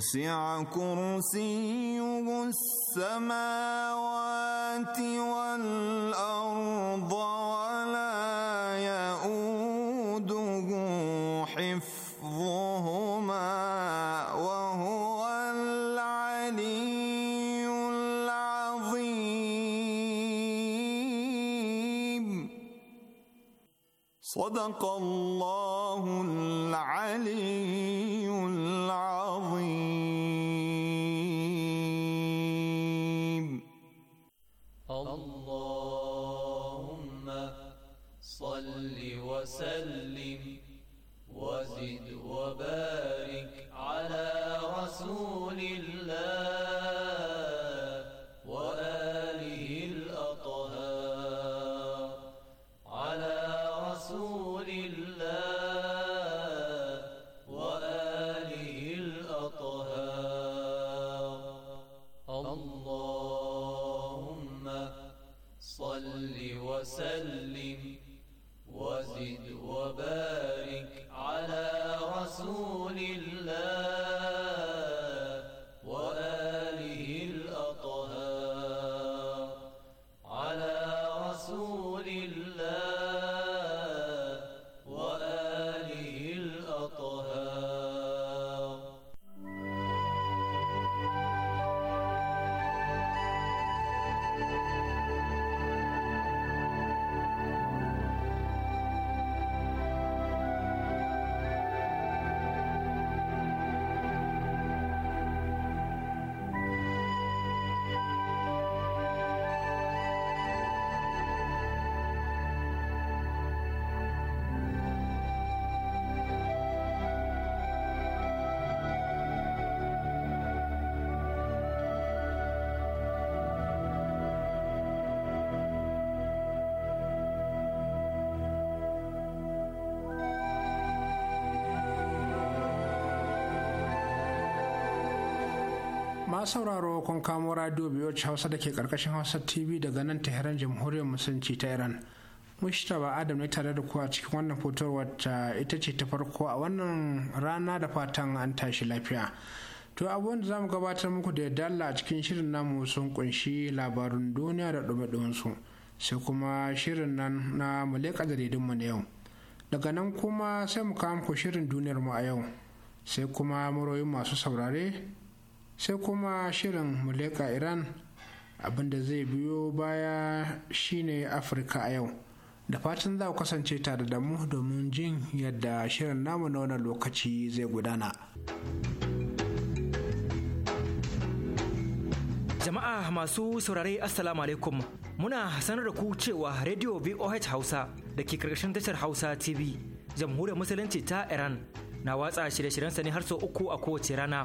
وسع كرسيه السماوات Ma sauraro kun kamo radio biyoci hausa da ke karkashin hausa tv daga nan tehran jamhuriyar musulunci ta iran ba adam ne tare da kuwa cikin wannan fitowar wata ita ce ta farko a wannan rana da fatan an tashi lafiya to abubuwan da mu gabatar muku da yadda a cikin shirin namu sun kunshi labarun duniya da dumi su sai kuma shirin nan na muleka jaridunmu na yau daga nan kuma sai mu kawo muku shirin duniyar mu a yau sai kuma muroyin masu saurare sai kuma shirin muleka iran abinda zai biyo baya shine afirka a yau da fatan za ku kasance tare da mu domin jin yadda shirin namu na wannan lokaci zai gudana jama'a masu saurare assalamu alaikum muna sanar da ku cewa radio voh hausa da ke karkashin tashar hausa tv jamhuriyar musulunci ta iran na watsa shirye-shiryensa ne har sau uku a kowace rana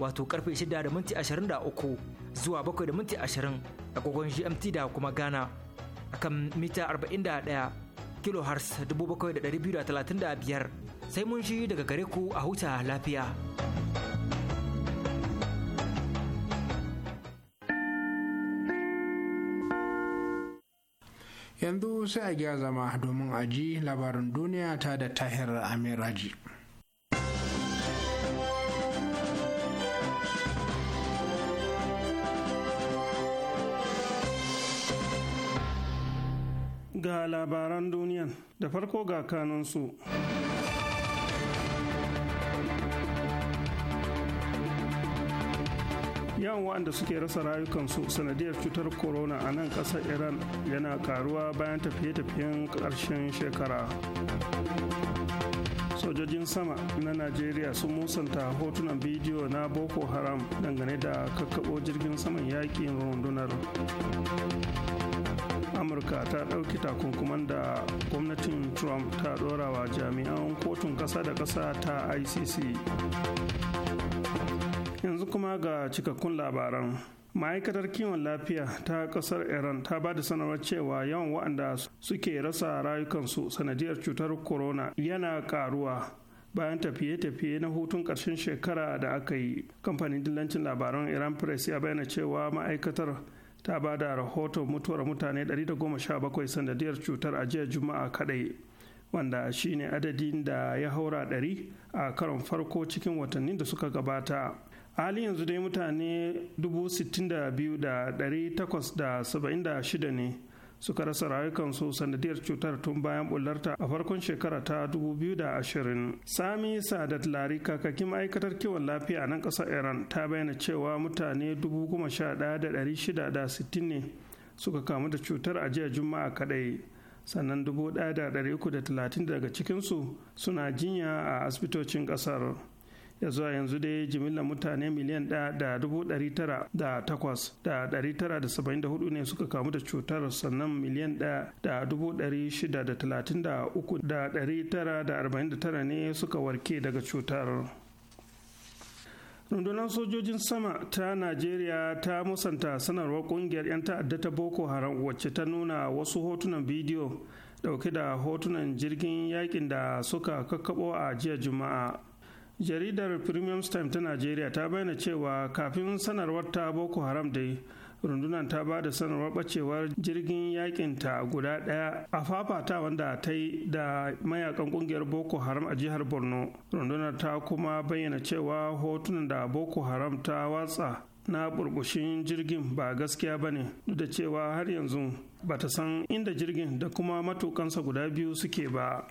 wato karfe 6:23 zuwa 7:20 da minti agogon GMT da kuma Ghana a kan mita 41 kilohertz 7,235 sai mun shi daga gare ku a huta lafiya. Yanzu sai a gyara zama domin aji labarin duniya ta da tahir Amiraji. Ga labaran duniyan da farko ga kanunsu. yawan waɗanda suke rasa rayukansu sanadiyar cutar corona a nan ƙasar iran yana karuwa bayan tafiye-tafiyen ƙarshen shekara sojojin sama na najeriya sun musanta hotunan bidiyo na boko haram dangane da kakkaɓo jirgin saman yaƙin rundunar amurka ta ɗauki takunkuman da gwamnatin trump ta ɗora wa jami'an kotun ƙasa da ƙasa ta icc yanzu kuma ga cikakkun labaran ma'aikatar kiwon lafiya ta kasar iran ta ba da sanarwar cewa yawan waɗanda suke rasa rayukansu sanadiyar cutar corona yana ƙaruwa bayan tafiye-tafiye na hutun ƙarshen shekara da aka yi kamfanin dillancin labaran iran press ya bayyana cewa ma'aikatar ta ba da rahoton mutuwar mutane 117 sanadiyar cutar a jiya juma'a kadai wanda shine adadin da ya haura 100 a karon farko cikin watannin da suka gabata hali yanzu dai mutane 62,876 ne suka rasa rayukansu sanadiyar cutar tun bayan bullarta a farkon shekara ta 2020 sami sadat lari kakakin ma'aikatar kiwon lafiya a nan ƙasar iran ta bayyana cewa mutane 11,660 ne suka kamu da cutar a jiya juma'a kadai sannan 1,330 daga cikinsu suna jinya a asibitocin ƙasar. ya zuwa yanzu dai jimillar mutane miliyan ɗaya da dubu ɗari tara da takwas da ɗari tara da saba'in da hudu ne suka kamu da cutar sannan miliyan ɗaya da dubu ɗari shida da talatin da uku da ɗari tara da arba'in da tara ne suka warke daga cutar. rundunar sojojin sama ta najeriya ta musanta sanarwar kungiyar 'yan ta'adda ta boko haram wacce ta nuna wasu hotunan bidiyo dauke da hotunan jirgin yakin da suka kakkabo a jiya juma'a jaridar premium time ta najeriya ta bayyana cewa kafin sanarwar ta boko haram dai rundunar ta ba da sanarwar bacewar jirgin ta guda daya a fafata wanda ta yi da mayakan kungiyar boko haram a jihar borno rundunar ta kuma bayyana cewa hotunan da boko haram ta watsa na burbushin jirgin ba gaskiya ba ne da cewa har yanzu ba ta san inda jirgin da kuma matukansa guda biyu suke ba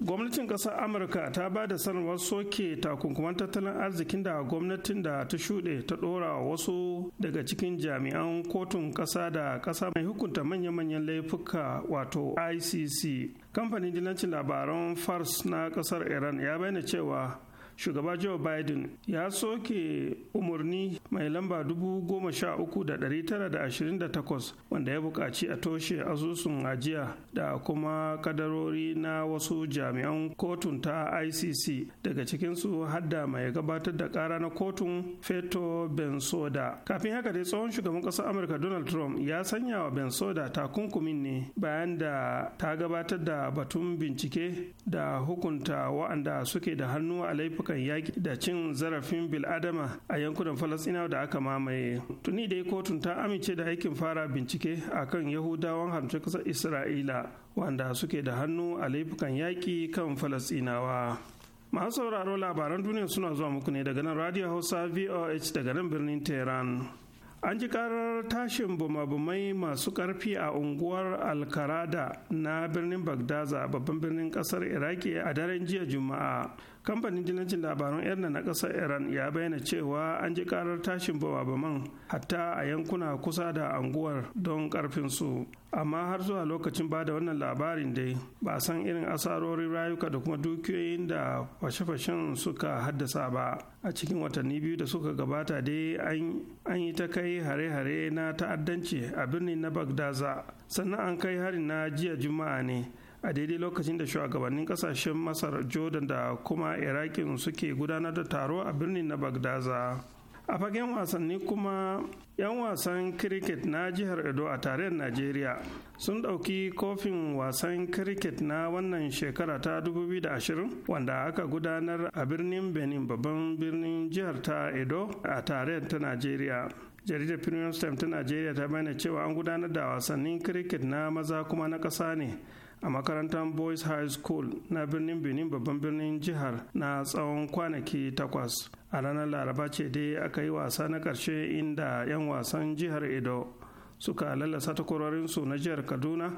gwamnatin ƙasar amurka ta ba da sanarwar soke takunkuman tattalin arzikin da gwamnatin da ta shuɗe ta ɗora wasu daga cikin jami'an kotun ƙasa da ƙasa mai hukunta manya-manyan laifuka wato icc kamfanin dilancin labaran fars na ƙasar iran ya bayyana cewa shugaba joe biden ya soke umarni mai lamba 13928 wanda ya bukaci a toshe asusun ajiya da kuma kadarori na wasu jami'an kotun ta icc daga cikinsu hadda mai gabatar da ƙara na kotun feto bensoda kafin haka dai tsohon shugaban ƙasar amurka donald trump ya sanya wa bensoda takunkumin ne bayan da ta gabatar da batun bincike da hukunta wa'anda suke da hannu a laifuka ayyukan yaƙi da cin zarafin bil'adama a yankunan falasɗinawa da aka mamaye tuni dai kotun ta amince da aikin fara bincike akan yahudawan hamsin kasar isra'ila wanda suke da hannu a laifukan yaƙi kan Falasinawa. masu sauraro labaran duniya suna zuwa muku ne daga nan radio hausa voh daga nan birnin tehran an ji karar tashin bumabumai masu karfi a unguwar alkarada na birnin bagdaza babban birnin kasar iraki a daren jiya juma'a kamfanin jinancin labaran erna na ƙasar iran ya bayyana cewa an ji karar tashin bama-baman hatta a yankuna kusa da anguwar don ƙarfinsu amma har zuwa lokacin ba da wannan labarin dai ba san irin asarorin rayuka da kuma dukiyoyin da fashe-fashen suka haddasa ba a cikin watanni biyu da suka gabata dai an yi ta kai hare-hare na ta'addanci a birnin na bagdaza sannan an kai harin na jiya juma'a ne a daidai lokacin da shugabannin kasashen masar jordan da kuma irakin suke gudanar da taro a birnin na bagdaza a fagen wasanni kuma 'yan wasan cricket na jihar edo a tarayyar najeriya sun ɗauki kofin wasan cricket na wannan shekara ta 2020 wanda aka gudanar a birnin benin babban birnin jihar ta edo a tarayyar ta najeriya jaridar premium time ta najeriya ta bayyana cewa an gudanar da wasannin cricket na maza kuma na ƙasa ne a makarantar boys high school na birnin benin babban birnin jihar na tsawon kwanaki takwas a ranar laraba ce dai aka yi wasa na ƙarshe inda 'yan wasan jihar edo suka lalasa takwarorinsu na jihar kaduna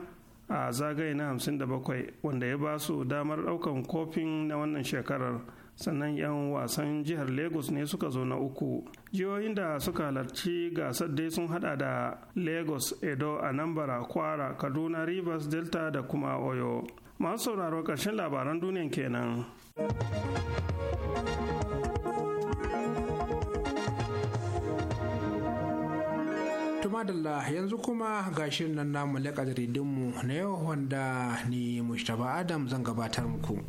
a zagaye na 57 wanda ya ba su damar ɗaukan kofin na wannan shekarar sannan 'yan wasan jihar lagos ne suka zo na uku jihohin da suka halarci gasar dai sun hada da lagos edo anambra kwara kaduna rivers delta da kuma oyo masu sauraro karshen labaran duniyan kenan madalla yanzu kuma gashin nan namu laƙa jaridinmu na yau wanda ni mustapha adam zan gabatar muku.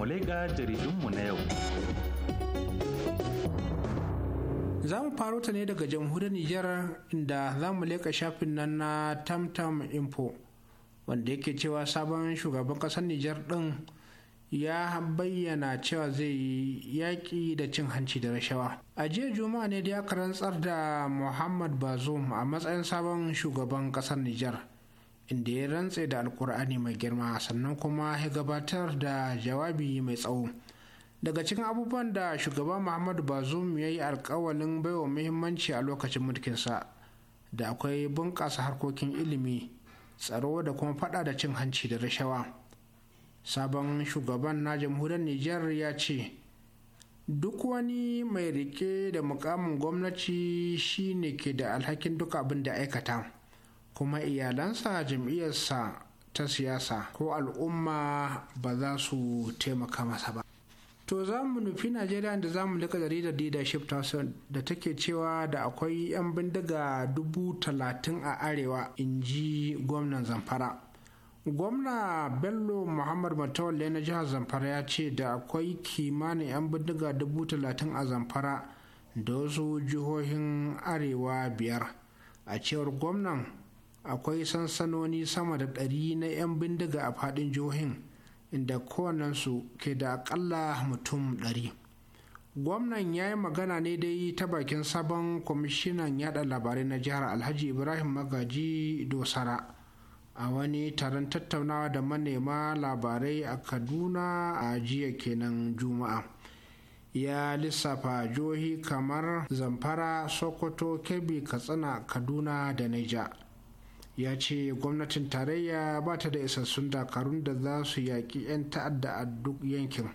mu leƙa jaridunmu na yau. Za mu faro ta ne daga jamhuriyar Nijar inda za mu leƙa shafin nan na Tamtam Info wanda yake cewa sabon shugaban ƙasar Nijar ɗin ya bayyana cewa zai yi yaƙi da cin hanci da rashawa. A jiya Juma'a ne da ya karantsar da Muhammad Bazoum a matsayin sabon shugaban ƙasar Nijar. inda ya rantse da alkur'ani mai girma sannan kuma ya gabatar da jawabi mai tsawo daga cikin abubuwan da shugaba muhammadu bazum ya yi alkawalin baiwa muhimmanci a lokacin mulkinsa da akwai bunƙasa harkokin ilimi tsaro da kuma faɗa da cin hanci da rashawa sabon shugaban na jamhuriyar nijar ya ce duk wani mai rike da mukamin gwamnati shine ke da alhakin duka abin da aikata kuma iyalansa jam'iyyarsa ta siyasa ko al'umma ba za su taimaka masa ba to za mu nufi najeriya da za mu lika jaridar leadership thousand da take cewa da akwai 'yan bindiga dubu talatin a arewa in ji gwamnan zamfara gwamna bello muhammad matawalle na jihar zamfara ya ce da akwai kimanin 'yan bindiga dubu talatin a zamfara da wasu jihohin arewa biyar a cewar gwamnan akwai sansanoni sama da ɗari na 'yan bindiga a faɗin jihohin inda kowannensu ke da aƙalla mutum ɗari gwamnan ya yi magana ne dai ta bakin sabon kwamishinan yada labarai na jihar alhaji ibrahim magaji dosara a wani taron tattaunawa da manema labarai a kaduna a jiya kenan juma'a ya lissafa jihohi kamar zamfara sokoto kebbi katsina kaduna da niger ya ce gwamnatin tarayya ba ta da isassun dakarun da za su yaƙi 'yan ta'adda a duk yankin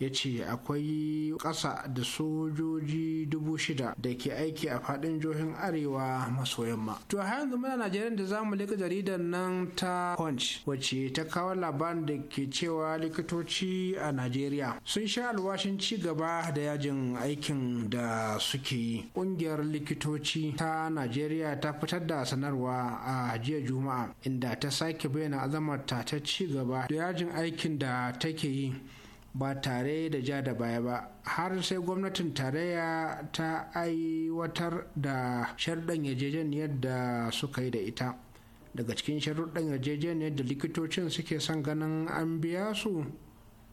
ya ce akwai ƙasa da sojoji dubu shida da ke aiki a faɗin jihohin arewa maso yamma. To har yanzu muna Najeriya da zamu lika jaridar nan ta Punch wacce ta kawo labarin da ke cewa likitoci a Najeriya sun sha alwashin ci gaba da yajin aikin da suke yi. Ƙungiyar likitoci ta Najeriya ta fitar da sanarwa a jiya Juma'a inda ta sake bayyana azamarta ta ci gaba da yajin aikin da take yi ba tare da ja da baya ba har sai gwamnatin tarayya ta aiwatar da sharɗan yarjejeniyar da suka yi da ita daga cikin sharuɗan yarjejeniyar da likitocin suke son ganin an biya su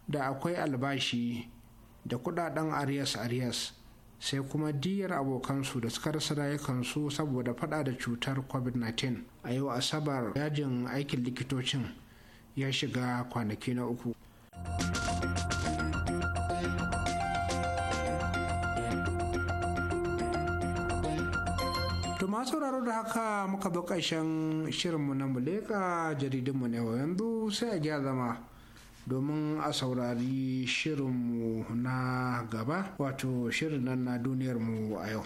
da akwai albashi da kudaden arias arias sai kuma diyar abokansu da suka rasa rayukansu saboda fada da cutar covid-19 a yau asabar yajin aikin likitocin ya shiga kwanaki na uku. ma sauraro da haka muka bi ƙarshen shirinmu na muleka jaridunmu na yanzu sai a gya zama domin a saurari shirinmu na gaba wato shirin nan na duniyarmu a yau.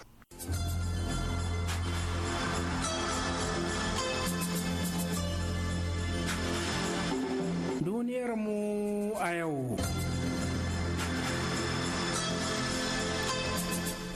duniyarmu a yau.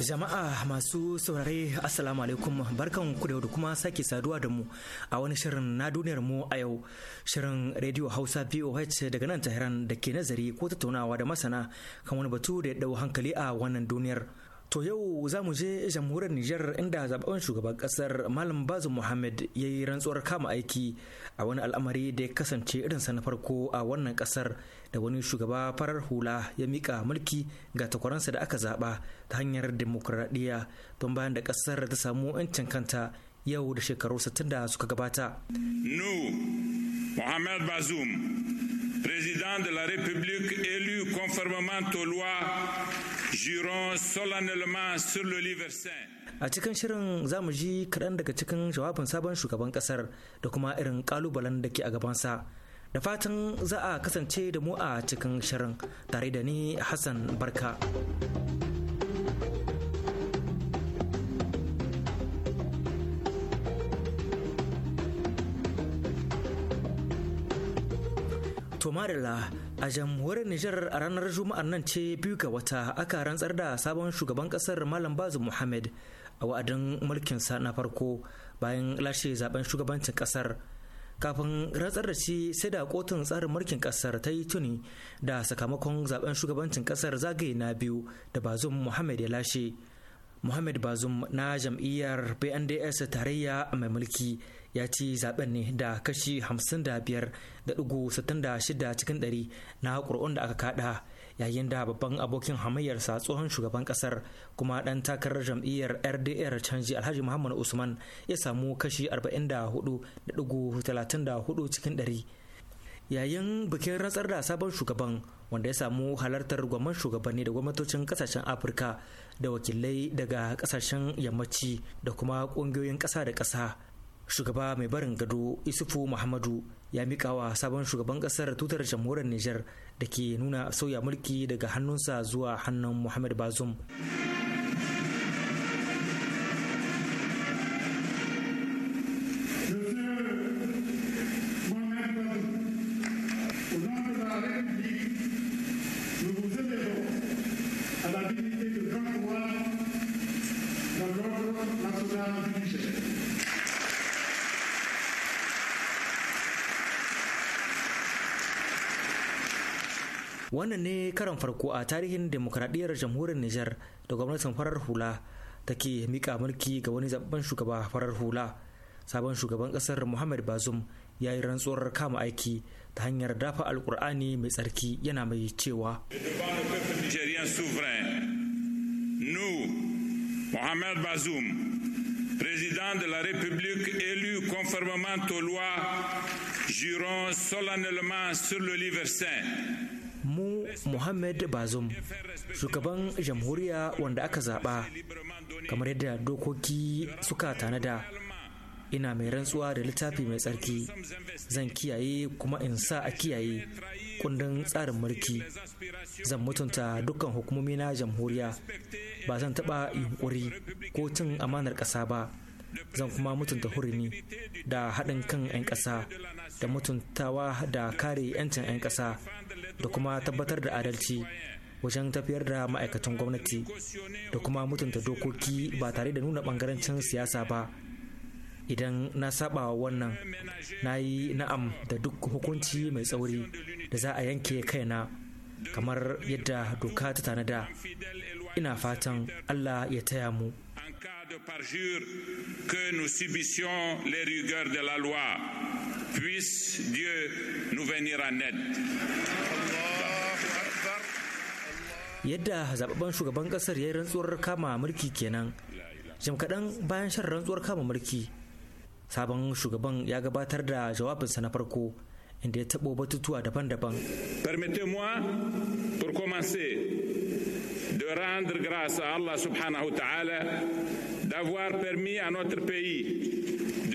Jama'a masu saurare Assalamu alaikum barkan ku da kuma sake saduwa da mu a wani shirin na duniyar mu a yau shirin Radio Hausa VOH daga nan Tehran da ke nazari ko tattaunawa da masana kan wani batu da ya dau hankali a wannan duniyar. To yau za mu je jamhuriyar Nijar inda zaɓen shugaban ƙasar Malam Bazu Muhammad ya yi rantsuwar kama aiki a wani al'amari da ya kasance irinsa na farko a wannan ƙasar da wani shugaba farar hula ya miƙa mulki ga takwaransa da aka zaɓa ta hanyar demokuraɗiyya don bayan da ƙasar ta samu 'yancin kanta yau da shekaru 60 da suka gabata. Nu Muhammad bazum président de la République élu conformément aux lois A cikin shirin za mu ji kaɗan daga cikin jawabin sabon shugaban ƙasar da kuma irin ƙalubalen da ke a gabansa. Da fatan za a kasance da mu a cikin shirin tare da ni Hassan Barka. Tomarila a jamhuriyar Nijar a ranar Juma'ar nan ce biyu ga wata aka rantsar da sabon shugaban kasar Malam Bazu Muhammad a wa'adin mulkinsa na farko bayan lashe zaben shugabancin kasar. Kafin rantsar da shi sai da kotun tsarin mulkin kasar ta yi tuni da sakamakon zaben shugabancin kasar zagaye na biyu da Bazum Muhammad ya lashe. Muhammad Bazum na jam'iyyar BNDS tarayya mai mulki ya ci zaben ne da kashi 55.66 cikin dari na ƙuri'un da aka kada yayin da babban abokin hamayyarsa tsohon shugaban kasar kuma ɗan takarar jam'iyyar rdr canji alhaji muhammadu usman ya samu kashi 44.34 cikin ɗari yayin bikin rantsar da sabon shugaban wanda ya samu halartar gwamnan shugabanni da gwamnatocin kasashen afirka da wakilai daga kasashen yammaci da kuma kungiyoyin ƙasa da ƙasa shugaba mai barin gado isufu muhammadu ya mika wa sabon shugaban kasar tutar jamhuriyar niger da ke nuna sauya mulki daga hannunsa zuwa hannun muhammad bazum wannan ne karan farko a tarihin demokradiyyar jamhuriyar Nijar da gwamnatin farar hula take mika mulki ga wani zaben shugaba farar hula. Sabon shugaban kasar Muhammad bazum ya yi rantsuwar kama aiki ta hanyar dafa alkur'ani mai tsarki yana mai cewa. Nous, Mohamed Bazoum, président de la République élu conformément aux lois, jurons solennellement sur le livre saint mu muhammad bazum shugaban jamhuriya wanda aka zaɓa kamar yadda dokoki suka tanada ina mai rantsuwa da littafi mai tsarki zan kiyaye kuma in sa a kiyaye kundin tsarin mulki zan mutunta dukkan hukumomi na jamhuriya ba zan taɓa yunkuri ko cin amanar ƙasa ba zan kuma mutunta hurumi da haɗin kan 'yan ƙasa da mutuntawa da kare 'yancin 'yan ƙasa da kuma tabbatar da adalci wajen tafiyar da ma'aikatan gwamnati da kuma mutunta dokoki ba tare da nuna ɓangarancin siyasa ba idan na saba wannan na yi na'am da duk hukunci mai tsauri da za a yanke kaina kamar yadda doka ta tanada ina fatan allah ya taya mu de parjure que nous subissions les rigueurs de la loi. Puisse Dieu nous venir en aide. Yadda zababben shugaban kasar ya yi rantsuwar kama mulki kenan, jim kaɗan bayan shan rantsuwar kama mulki, sabon shugaban ya gabatar da jawabinsa na farko inda ya taɓo batutuwa daban-daban. Permettez-moi pour commencer de rendre grâce à Allah subhanahu wa ta'ala d'avoir permis à notre pays A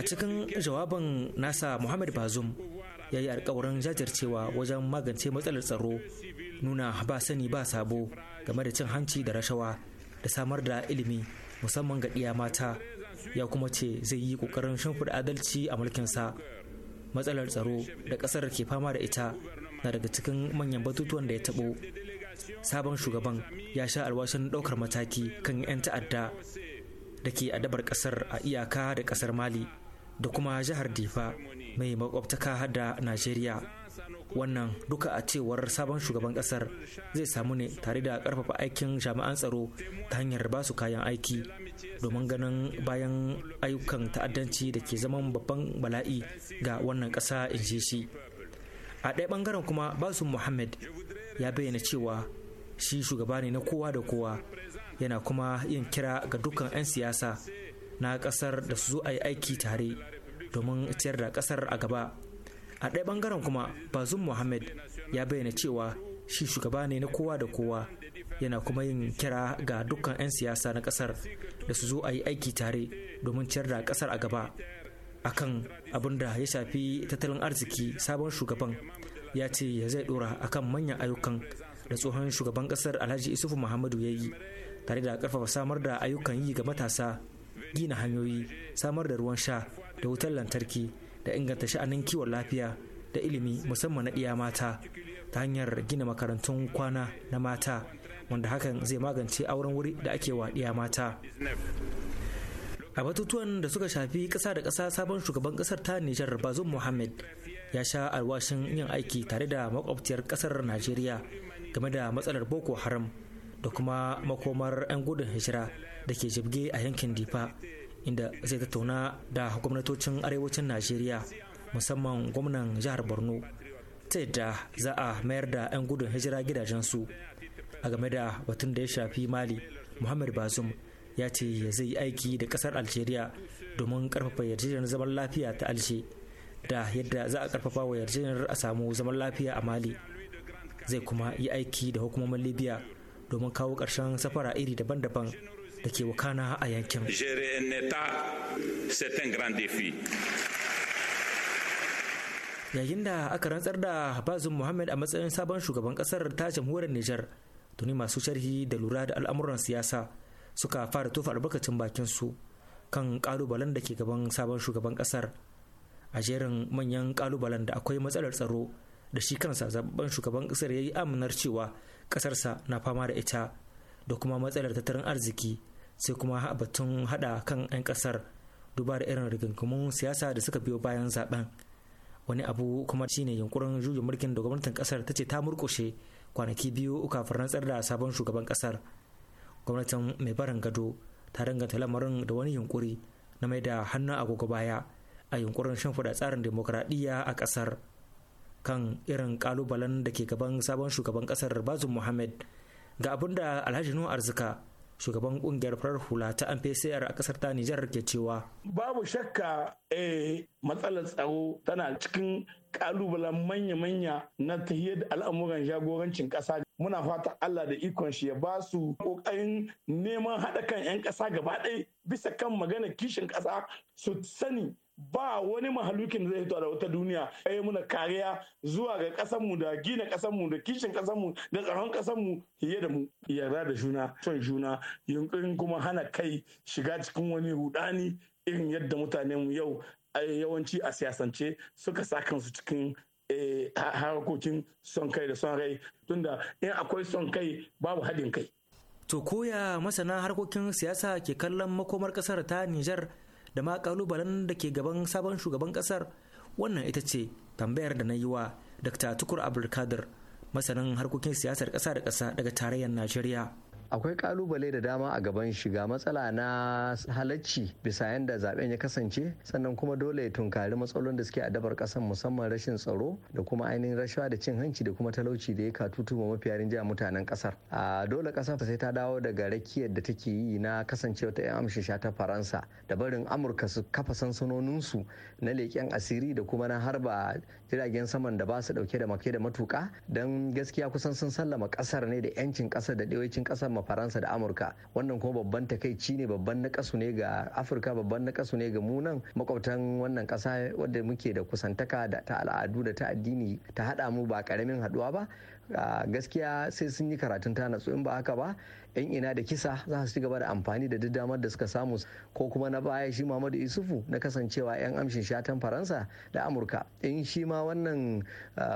cikin jawabin nasa Muhammad bazum ya yi alkawarin jajircewa wajen magance matsalar tsaro nuna ba sani ba sabo game da cin hanci da rashawa da samar da ilimi musamman ga ɗiya mata ya kuma ce zai yi ƙoƙarin shimfiɗa adalci a mulkinsa matsalar tsaro da ƙasar ke fama da ita na daga cikin manyan batutuwan da ya taɓo sabon shugaban ya sha alwashin ɗaukar mataki kan 'yan ta'adda da ke adabar kasar a iyaka da kasar mali da kuma jihar difa mai makwabtaka da najeriya wannan duka a cewar sabon shugaban kasar zai samu ne tare da karfafa aikin jami'an tsaro ta hanyar ba su kayan aiki domin ganin bayan ayyukan ta'addanci da ke zaman babban bala'i ga wannan kasa in shi a ɗaya ɓangaren kuma basu muhammad ya bayyana cewa shi shugaba ne na kowa da kowa yana kuma yin kira ga dukkan 'yan siyasa na kasar da su zo a yi aiki tare domin ciyar da kasar a gaba a ɗaya ɓangaren kuma bazum muhammad ya bayyana cewa shi shugaba ne na kowa da kowa yana kuma yin kira ga dukkan 'yan siyasa na kasar da su zo a yi aiki tare domin ciyar da kasar a gaba akan abin da ya shafi tattalin arziki sabon shugaban ya ce zai dora akan manyan ayyukan da tsohon shugaban kasar alhaji isufu muhammadu ya yi tare da karfafa samar da ayyukan yi ga matasa gina hanyoyi samar da ruwan sha da wutar lantarki da inganta sha'anin kiwon lafiya da ilimi musamman na ɗiya mata ta hanyar gina makarantun kwana na mata wanda hakan zai magance auren wuri da ake wa ɗiya mata a batutuwan da suka shafi ƙasa da ƙasa sabon shugaban ƙasar ta nijar bazum muhammad ya sha alwashin yin aiki tare da makwabciyar ƙasar najeriya game da matsalar boko haram da kuma makomar 'yan gudun hijira da ke jibge a yankin difa inda zai tattauna da gwamnatocin arewacin najeriya musamman gwamnan jihar borno ta yadda za a mayar da 'yan gudun hijira gidajensu a game da batun da ya shafi mali muhammad bazum ya ce ya zai yi aiki da kasar algeria domin karfafa yarjejeniyar zaman lafiya ta alshe da yadda za a karfafa wa yarjejeniyar a samu zaman lafiya a mali zai kuma yi aiki da hukumomin libya domin kawo ƙarshen safara iri daban-daban da ke wakana a yankin. Yayin da aka rantsar da bazin Muhammad a matsayin sabon shugaban kasar ta jamhuriyar Nijar, tuni masu sharhi da lura da al'amuran siyasa suka fara tofa albarkacin bakin su kan kalubalen da ke gaban sabon shugaban kasar. A jerin manyan kalubalen da akwai matsalar tsaro da shi kansa zababban shugaban kasar ya yi aminar cewa ƙasarsa na fama da ita da kuma matsalar tattalin arziki sai kuma batun hada kan 'yan ƙasar duba da irin rigingimun siyasa da suka biyo bayan zaben wani abu kuma shine yunkurin juya mulkin da gwamnatin ƙasar ta ce ta murkushe kwanaki biyu kafin rantsar da sabon shugaban ƙasar gwamnatin mai barin gado ta danganta lamarin da wani yunkuri na mai da hannun agogo baya a yunkurin shimfiɗa tsarin demokuraɗiyya a ƙasar kan irin kalubalen da ke gaban sabon shugaban kasar bazum muhammad ga abin da alhaji nuhu arzika shugaban kungiyar farar hula ta mpcr a kasar ta nijar ke cewa babu shakka eh, matsalar tsaro tana cikin kalubalen manya-manya na tahiyar da al'amuran jagorancin kasa muna fata Allah da ikon shi ya ba su kokarin neman haɗa kan 'yan ƙasa gaba ɗaya bisa kan magana kishin ƙasa su sani ba wani mahalukin da zai fito da wata duniya ya yi muna kariya zuwa ga kasanmu da gina kasanmu da kishin kasanmu da tsaron kasanmu fiye da mu yarda da juna son juna yunkurin kuma hana kai shiga cikin wani rudani irin yadda mutanenmu yau yawanci a siyasance suka sa kansu cikin eh, harkokin son kai da son rai tunda in akwai son kai babu haɗin kai. To koya masana harkokin siyasa ke kallon makomar ƙasar ta Nijar da ma kalubalen da ke gaban sabon shugaban kasar wannan ita ce tambayar da na yi wa dr tukur abdulkadir masanin harkokin siyasar kasa da kasa daga tarayyar najeriya akwai kalubale da dama a gaban shiga matsala na halacci bisa yadda zaben ya kasance sannan kuma dole ya tunkari matsalolin da suke adabar kasan musamman rashin tsaro da kuma ainihin rashawa da cin hanci da kuma talauci da ya katutu ma mafiya rinjaya mutanen kasar a dole kasar sai ta dawo daga rakiyar da take yi na kasancewa ta yan amshisha ta faransa da barin amurka su kafa sansanoninsu na leƙen asiri da kuma na harba jiragen saman da ba su dauke da make da matuka don gaskiya kusan sun sallama kasar ne da yancin kasar da ɗewacin kasar faransa da amurka wannan kuma babban takaici ne babban na kasu ne ga afirka babban na kasu ne ga munan makwabtan wannan kasa wadda muke da kusantaka da ta al'adu da ta addini ta hada mu ba karamin haduwa ba gaskiya sai sun yi karatun ta natsu in ba haka ba yan ina da kisa za su ci gaba da amfani da duk damar da suka samu ko kuma na baya shi Muhammadu Isufu na kasancewa yan amshin shatan Faransa da Amurka in shi ma wannan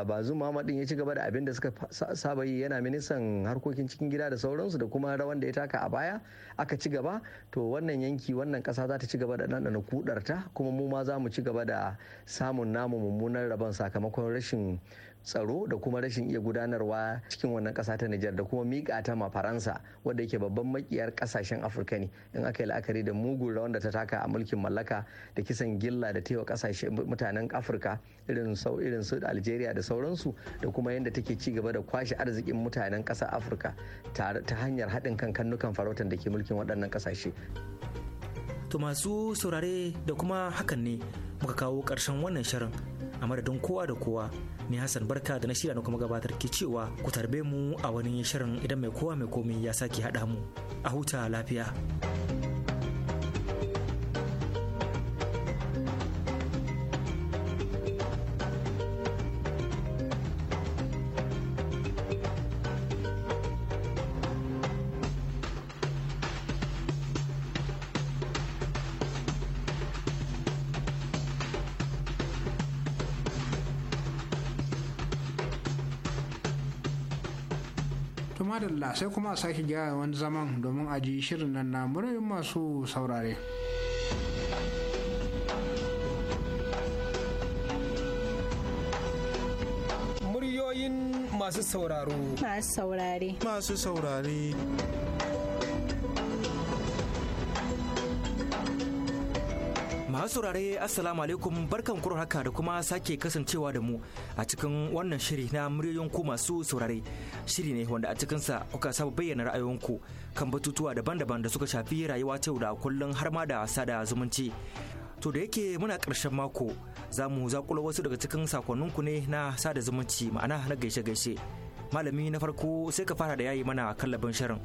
bazu Muhammad ya ci gaba da abin da suka saba yi yana ministan harkokin cikin gida da sauransu da kuma rawan da ya taka a baya aka ci gaba to wannan yanki wannan kasa za ta ci gaba da ɗanɗana kudarta kuma mu ma za mu ci gaba da samun namu mummunan rabon sakamakon rashin tsaro da kuma rashin iya gudanarwa cikin wannan ƙasa ta Nijar da kuma miƙa ta ma Faransa wadda yake babban makiyar ƙasashen Afirka ne in aka yi la'akari da mugun rawan da ta taka a mulkin mallaka da kisan gilla da taiwa ƙasashe mutanen Afirka irin sau irin su Algeria da sauransu da kuma yadda take ci gaba da kwashe arzikin mutanen ƙasar Afirka ta hanyar haɗin kan kannukan farautan da ke mulkin waɗannan ƙasashe. To masu saurare da kuma hakan ne muka kawo ƙarshen wannan shirin a madadin kowa da kowa ni Hassan Barka da na shirya na kuma gabatar ke cewa ku tarbe mu a wani shirin idan mai kowa mai komai ya sake haɗa mu a huta lafiya. sai kuma a sake gyara wani zaman domin a ji shirin nan na murayin masu saurare. Muryoyin masu sauraro. Masu saurare. Masu saurare. Masu Assalamu alaikum barkan kuro haka da kuma sake kasancewa da mu a cikin wannan shiri na muryoyin masu saurare. Shiri ne wanda a cikinsa kuka saba bayyana ra'ayoyinku kan batutuwa daban-daban da suka shafi rayuwa ta yau da kullum har ma da sada zumunci. To da yake muna karshen mako za mu zakulo wasu daga cikin sakonninku ne na sada zumunci ma'ana na gaishe-gaishe. malami na farko sai ka fara da yayi mana kallabin shirin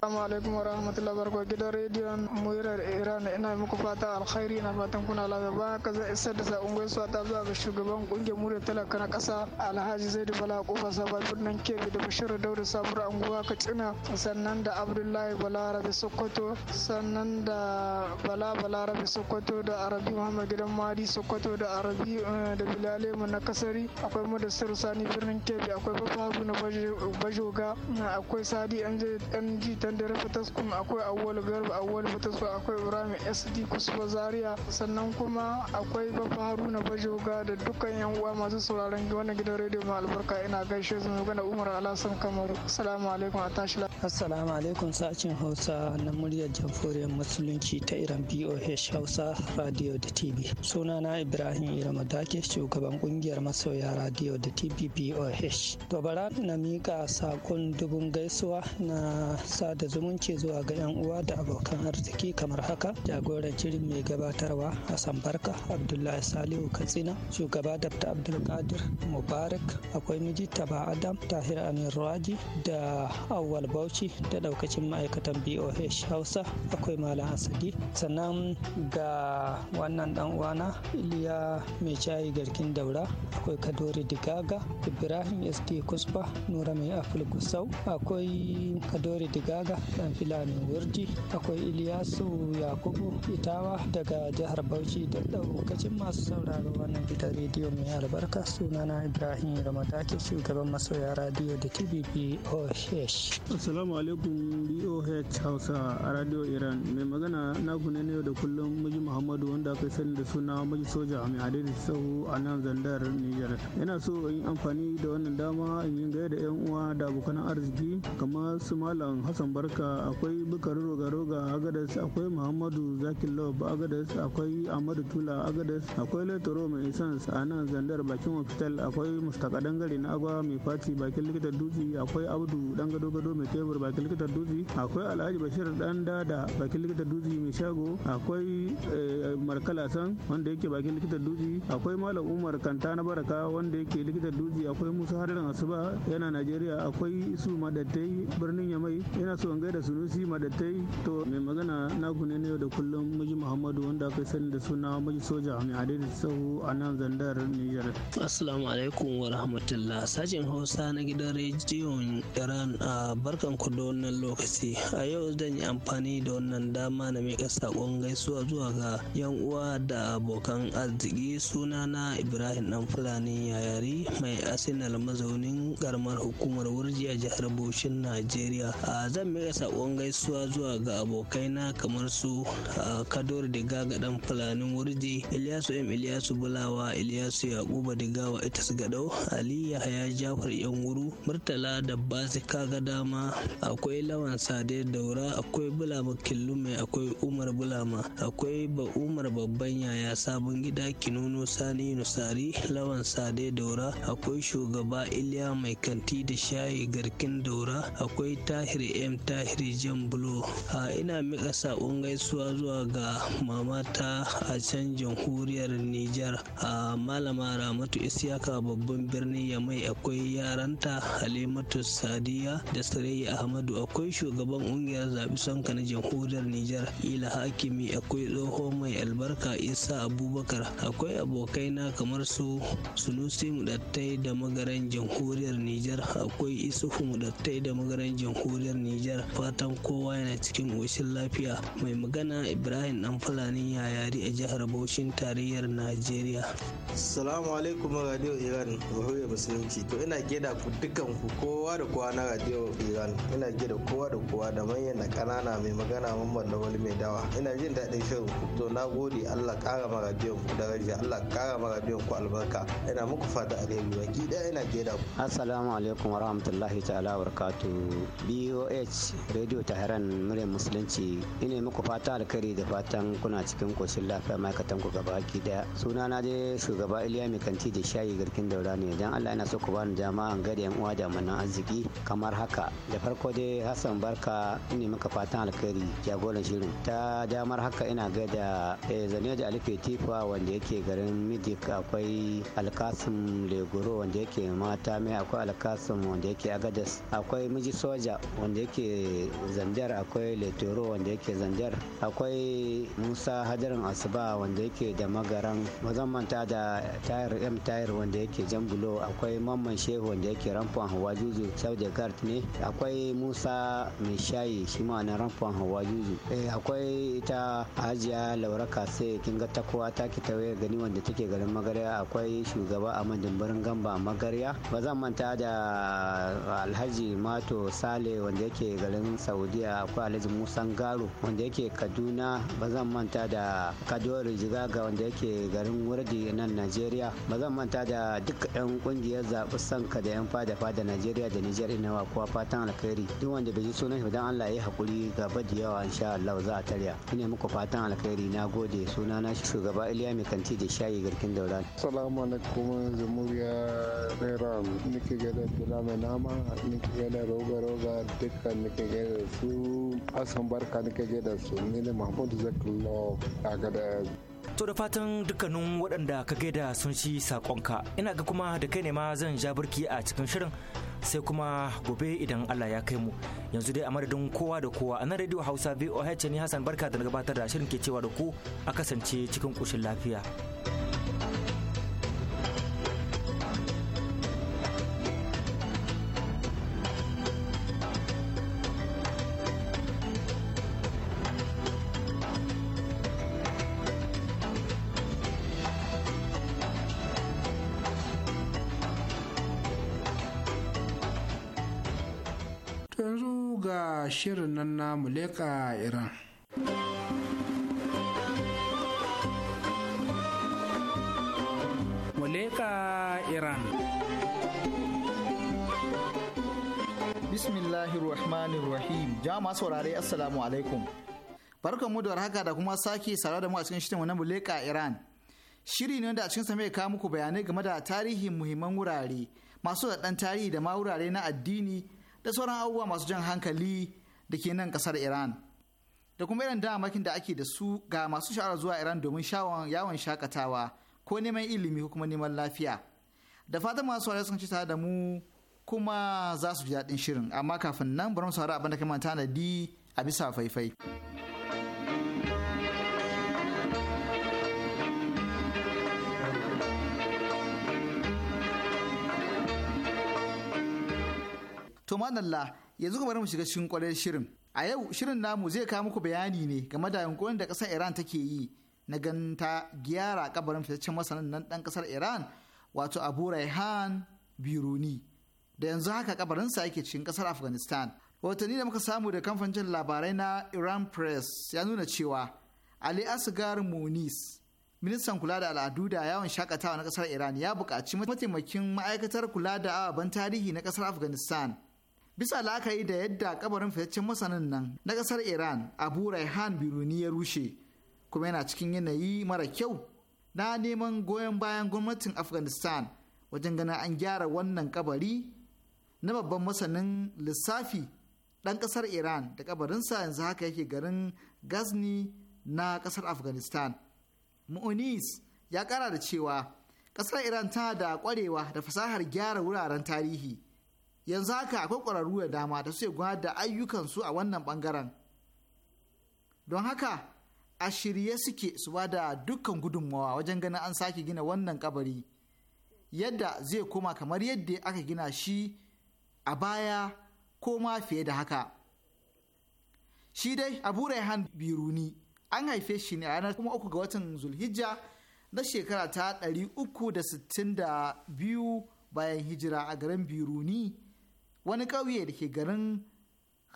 Assalamu alaikum wa rahmatullahi wa barakatuh gidan rediyon muhirar Iran ina muku fata alkhairi na fatan kuna lafiya ba haka zai isar da sakon gaisuwa ta zuwa ga shugaban kungiyar muryar talaka na kasa Alhaji Zaidu Bala Kofa Saba birnin Kebbi da Bashir Dauda Sabuwar Anguwa Katsina sannan da Abdullahi Rabi Sokoto sannan da Bala Rabi Sokoto da Arabi Muhammad Gidan Madi Sokoto da Arabi eh, da Bilale na Kasari akwai mu da Sani birnin Kebbi akwai Abu na bajoga akwai sadi mg tandar fataskun akwai awwal garba awwal fataskun akwai ibrahim sd kusfa zaria sannan kuma akwai bafa haruna bajoga da dukkan yan uwa masu sauraron wannan gidan rediyo mai albarka ina gaishe su magana umar alasan kamaru assalamu alaikum a tashi assalamu alaikum sashen hausa na muryar jamhuriyar musulunci ta iran boh hausa radio da tv sunana ibrahim iramadake shugaban kungiyar masoya radio da tv boh to bara na mika sakon dubun gaisuwa na sada zumunci zuwa ga 'yan uwa da abokan arziki kamar haka jagoran shirin mai gabatarwa hassan barka abdullahi salihu katsina shugaba dabta abdulkadir mubarak akwai miji taba adam tahir amin raji da awwal bauchi da daukacin ma'aikatan boh hausa akwai malam asadi sannan ga wannan dan uwana iliya mai shayi garkin daura akwai kadori digaga ibrahim st kusba nura mai afil gusau akwai kadori digaga dan filani wurdi akwai iliyasu yakubu itawa daga jihar bauchi da daukacin masu sauraro wannan gidan rediyo mai albarka sunana ibrahim ramadaki shugaban masoya radiyo da tv boh assalamu alaikum boh hausa a radio iran mai magana na ne yau da kullum miji muhammadu wanda aka sani da suna miji soja mai adadi sau a nan zandar niger yana so in amfani da wannan dama in yi da yan uwa da abokan arziki kamar su malam hassan barka akwai bukari roga-roga agadas akwai muhammadu zakin love agadas akwai amadu tula agadas akwai letoro mai isans a nan zandar bakin hospital akwai mustaka dangare na agwa mai fati bakin likitar dutse akwai abdu dan gado-gado mai tebur bakin likitar dutse akwai alhaji bashir dan dada bakin likitar dutse mai shago akwai eh, markala san wanda yake bakin likitar dutse akwai malam umar kanta na baraka wanda yake likitar dutse akwai musa harin asuba ya yana najeriya akwai su madattai birnin yamai yana so in gaida sunusi madattai to mai magana naku ne yau da kullum miji muhammadu wanda aka sani da suna miji soja mai adadi sahu a nan zandar niger assalamu alaikum wa rahmatullah sashen hausa na gidan rediyon iran a barkan ku da wannan lokaci a yau zan yi amfani da wannan dama na mika sakon gaisuwa zuwa ga yan uwa da abokan arziki sunana ibrahim dan fulani yayari mai asinal mazaunin garma karamar hukumar wurji a jihar Bauchin Najeriya. a Zan mika sakon gaisuwa zuwa ga abokaina kamar su Kador Diga ga fulanin wurji, Ilyasu M Ilyasu Bulawa, Ilyasu Yakuba Diga wa ita su gadau, Ali Yahaya Jafar Yan Wuru, Murtala da Basi kaga dama, akwai Lawan Sade Daura, akwai Bulama Killume, akwai Umar Bulama, akwai Ba Umar babban yaya sabon gida kinunu Sani Nusari, Lawan Sade Daura, akwai shugaba Iliya Mai kan kanti da shayi garkin daura akwai tahir m tahir jan bulo a ina mika saƙon gaisuwa zuwa ga mamata a can jamhuriyar nijar a malama ramatu isiyaka babban birnin yamai akwai yaranta halimatu sadiya da sarai ahmadu akwai shugaban ƙungiyar zabi sanka na jamhuriyar nijar ila hakimi akwai tsoho mai albarka isa abubakar akwai abokai na kamar su sunusi mudattai da magaran jamhuriyar nijar Nijar akwai Isufu Mudattai da magaran jamhuriyar Nijar fatan kowa yana cikin ƙoshin lafiya mai magana Ibrahim dan Fulani yari a jihar Bauchin tarayyar Najeriya. Salamu alaikum Radio Iran Zuhuriya Musulunci to ina gida ku dukan ku kowa da kowa na Radio Iran ina gida kowa da kowa da manyan da ƙanana mai magana Muhammad Lawal mai dawa ina jin daɗin shirin ku to na gode Allah ƙara ma Radio ku daraja Allah ƙara ma Radio ku albarka ina muku fata alheri baki ɗaya ina gida ku. Assalamu alaikum rahmatullahi ta'ala barakatu boh radio tahiran muryar musulunci ina muku fata alkhairi da fatan kuna cikin koshin lafiya ma'aikatan ku gaba ki daya suna na dai shugaba iliya mai kanti da shayi garkin daura ne dan allah yana so ku bani dama an gada yan uwa da manan arziki kamar haka da farko dai hassan barka ina muka fatan alkhairi jagoran shirin ta damar haka ina gada eh, zane da alife tifa wanda yake garin midik akwai alkasim legoro wanda yake mata mai akwai kasim wanda yake agadas akwai miji soja wanda yake zanjar akwai letoro wanda yake zanjar akwai musa hadarin asuba wanda yake da magaran manta da tayar m tayar wanda yake jambulo akwai mamman shehu wanda yake ramfon hawa juju saudi guard ne akwai musa mai shayi shi ma na ramfon hawa juju eh, akwai ita hajiya laura kase kin ga ta ki tawaye gani wanda take garin magarya akwai shugaba a madimbarin gamba magarya ba zan manta da da alhaji mato sale wanda yake garin saudiya akwai alhaji musan garo wanda yake kaduna ba zan manta da kadori jigaga wanda yake garin wurdi nan najeriya ba zan manta da duk yan kungiyar zaɓi sanka da yan fada fada najeriya da nijar inawa kuwa fatan alkhairi duk wanda bai ji sunan shi allah ya haƙuri gaba da yawa insha allah za a tarya ina muku fatan alkhairi na gode suna na shugaba iliya mai kanti da shayi garkin daura. salamu alaikum jamhuriya naira dila mai nama nake roga roga dukkan nake su asan barka nake da su ne mahmud daga da To da fatan dukkanin waɗanda ka gaida sun ci saƙonka ina ga kuma da kai ne ma zan ja burki a cikin shirin sai kuma gobe idan Allah ya kai mu yanzu dai a madadin kowa da kowa a nan radio hausa voh ne hassan barka da gabatar da shirin ke cewa da ku a kasance cikin ƙoshin lafiya. shirin nan na muleka iran muleka iran bismillahir rahmanir rahim jama'a saurare assalamu alaikum barkan mu da warhaka da kuma sake saurare da mu a cikin shirin wannan muleka iran shiri ne wanda a cikin sa mai kawo muku bayanai game da tarihin muhimman wurare masu da tarihi da ma wurare na addini da sauran abubuwa masu jan hankali da ke nan kasar Iran. Da kuma irin damakin da ake da su ga masu sha'awar zuwa Iran domin shawon yawon shakatawa ko neman ilimi ko kuma neman lafiya. Da fatan masu wari sun ci tare da mu kuma za su ji daɗin shirin amma kafin nan bari mu saurari abin da kai manta na a bisa faifai. To madalla yanzu kuma mu shiga cikin kwarar shirin a yau shirin namu zai kawo muku bayani ne game da yankunan da kasar iran take yi na ganta gyara kabarin fitaccen masanin nan ɗan ƙasar iran wato abu raihan biruni da yanzu haka kabarinsa yake cikin ƙasar afghanistan watanni da muka samu da kamfanin labarai na iran press ya nuna cewa ali asgar munis ministan kula da al'adu da yawon shakatawa na kasar iran ya buƙaci mataimakin ma'aikatar kula da ababen tarihi na kasar afghanistan bisa la'akari da yadda kabarin fitaccen masanin nan na kasar iran abu raihan biruni ya rushe kuma yana cikin yanayi mara kyau na neman goyon bayan gwamnatin afghanistan wajen gana an gyara wannan kabari na babban masanin lissafi ɗan ƙasar iran da kabarinsa yanzu haka yake garin gazni na ƙasar afghanistan mu'unis ya kara da cewa ƙasar iran tana da ƙwarewa da fasahar gyara wuraren tarihi yanzu haka akwai kwararru da dama da suke gudanar da ayyukansu a wannan bangaren don haka a shirye suke su ba da dukkan gudunmawa wajen ganin an sake gina wannan kabari yadda zai koma kamar yadda aka gina shi a baya ko ma fiye da haka shi dai abu raihan biruni an haife shi ne a ranar kuma uku ga watan zulhijja na shekara ta 362 bayan hijira a garin biruni wani ƙauye da ke garin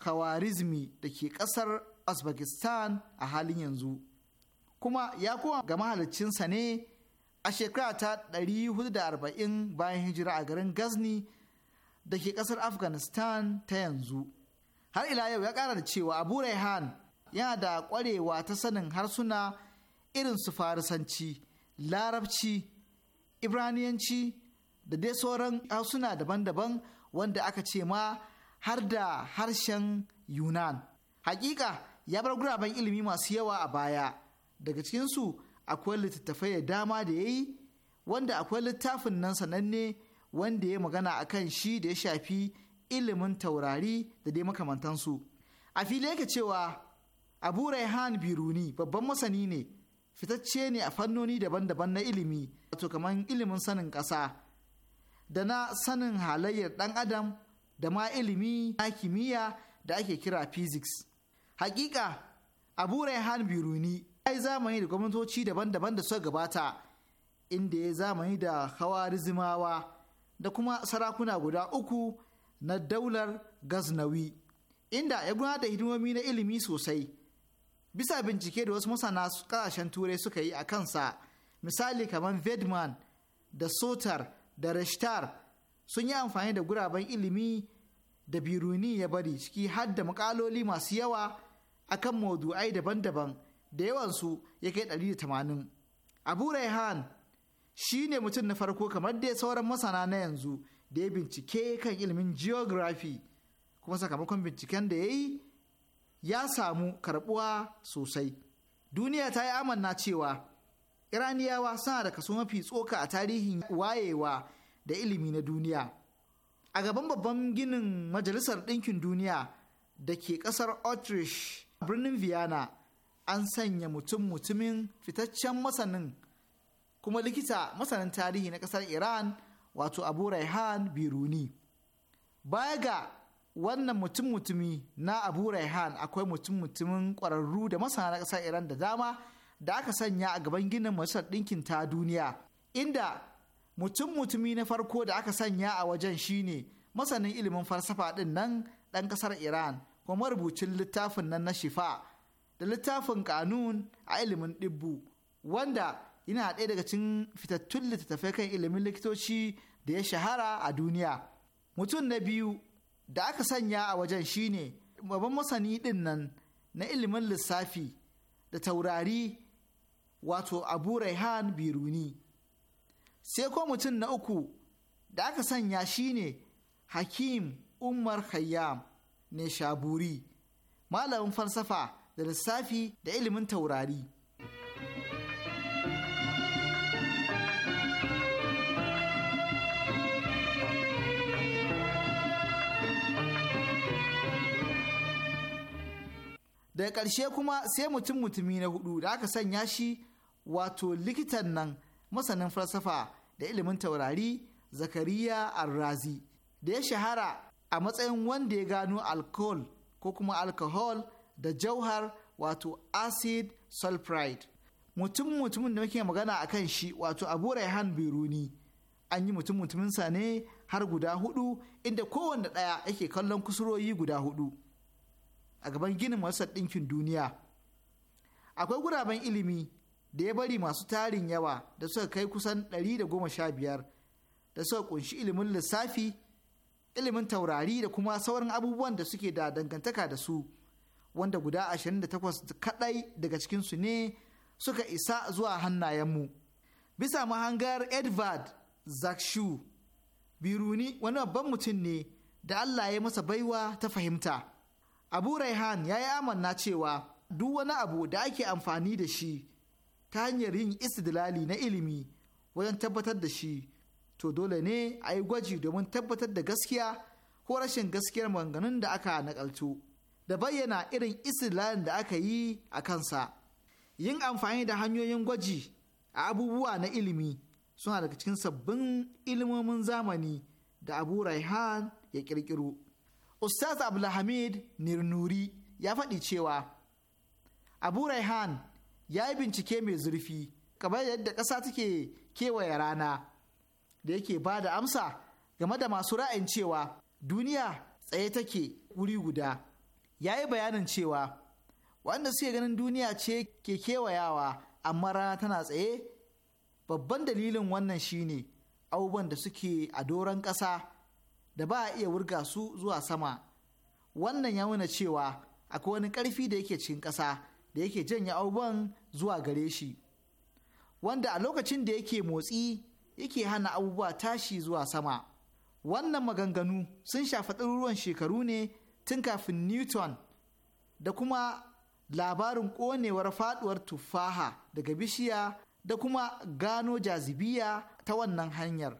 khawarizmi da ke ƙasar uzbekistan a halin yanzu kuma ya koma ga mahaliccinsa ne a shekara ta 440 bayan hijira a garin gazni da ke ƙasar afghanistan ta yanzu har ila yau ya ƙara da cewa abu raihan yana da ƙwarewa ta sanin harsuna irin su farisanci larabci ibraniyanci da dai sauran harsuna daban-daban wanda aka ce ma har da harshen yunan hakika ya bar guraben ilimi masu yawa a baya daga cikinsu akwai littattafai da dama da ya yi wanda akwai littafin nan sananne wanda ya magana a kan shi da ya shafi ilimin taurari da dai makamantansu a fili yake cewa abu raihan biruni babban masani ne fitacce ne a fannoni daban-daban na ilimi wato kamar ilimin sanin ƙasa da na sanin halayyar ɗan adam da ma ilimi na kimiyya da ake kira physics. Hakika Abu Raihan Biruni ya yi zamani da gwamnatoci daban-daban da suka gabata inda ya zamani da Hawarizimawa da kuma sarakuna guda uku na daular Gaznawi inda ya gudanar da hidimomi na ilimi sosai. Bisa bincike da wasu masana kasashen turai suka yi a kansa misali kamar Vedman da Sotar da rashtar sun yi amfani da guraben ilimi da biruni ya bari ciki har da makaloli masu yawa akan maudu'ai daban-daban da yawansu ya kai 180 abu raihan shi ne mutum na farko kamar dai sauran masana na yanzu da ya bincike kan ilimin geography kuma sakamakon binciken da ya yi ya samu karbuwa sosai duniya ta yi amanna cewa iraniyawa suna da kaso mafi tsoka a tarihin wayewa da ilimi na duniya a gaban babban ginin majalisar ɗinkin duniya da ke ƙasar autrish birnin vienna an sanya mutum mutumin fitaccen masanin kuma likita masanin tarihi na ƙasar iran wato abu raihan biruni baya ga wannan mutum mutumi na abu raihan akwai mutum mutumin ƙwararru da masana na ƙasar iran da dama da aka sanya a gaban ginin masar Ɗinkin ta Duniya, inda mutum-mutumi na farko da aka sanya a wajen shine masanin ilimin farsafa ɗin nan ɗan ƙasar Iran, kuma marubucin littafin nan na Shifa da littafin Kanun a ilimin ɗibbu, wanda yana ɗaya daga cikin fitattun littattafai kan ilimin likitoci da ya shahara a duniya. Mutum na biyu da aka sanya a wajen shine babban masani ɗin nan na ilimin lissafi da taurari wato abu raihan biruni sai ko mutum na uku da aka sanya shi ne hakim umar khayyam ne shaburi malamin falsafa da lissafi da ilimin taurari daga ƙarshe kuma sai mutum mutumi na hudu da aka sanya shi wato likitan nan masanin falsafa da ilimin taurari zakariya arrazi da ya shahara a matsayin wanda ya gano alcohol ko kuma alcohol da jauhar wato acid sulfuride mutum mutumin da muke magana a kan shi wato abu raihan biruni an yi mutum mutuminsa ne har guda hudu inda kowanne ɗaya yake kallon kusuroyi guda hudu a gaban ginin masar ɗinkin duniya akwai guraben ilimi da ya bari masu tarin yawa da suka kai kusan 115 da suka kunshi ilimin lissafi ilimin taurari da kuma sauran abubuwan da suke da dangantaka da su wanda guda 28 kadai daga cikinsu ne suka isa zuwa hannayenmu bisa mahangar edvard zakshu biruni wani babban mutum ne da allah ya masa baiwa ta fahimta abu raihan ya yi amanna cewa duk wani abu da ake amfani da shi ta hanyar yin istidlali na ilimi wajen tabbatar da shi to dole ne a yi gwaji domin tabbatar da gaskiya ko rashin gaskiyar maganganun da aka nakaltu da bayyana irin istidlalin da aka yi a kansa yin amfani da hanyoyin gwaji a abubuwa na ilimi suna daga cikin sabbin ilimomin zamani da abu raihan ya kirkiro ustaz abdulhamid nirnuri ya faɗi cewa abu raihan ya yi bincike mai zurfi kamar yadda ƙasa take kewaye rana da yake ba da amsa game da masu ra'ayin cewa duniya tsaye take wuri guda ya yi bayanin cewa wanda suke ganin duniya ce ke kewayawa amma rana tana tsaye babban dalilin wannan shine abubuwan da suke a doron ƙasa da ba a iya wurga su zuwa sama wannan ya nuna cewa akwai wani ƙarfi da yake cikin ƙasa da yake janye abubuwan zuwa gare shi wanda a lokacin da yake motsi yake hana abubuwa tashi zuwa sama wannan maganganu sun shafi ɗaruruwan shekaru ne tun kafin newton da kuma labarin ƙonewar faɗuwar tufaha daga bishiya da kuma gano jazibiya ta wannan hanyar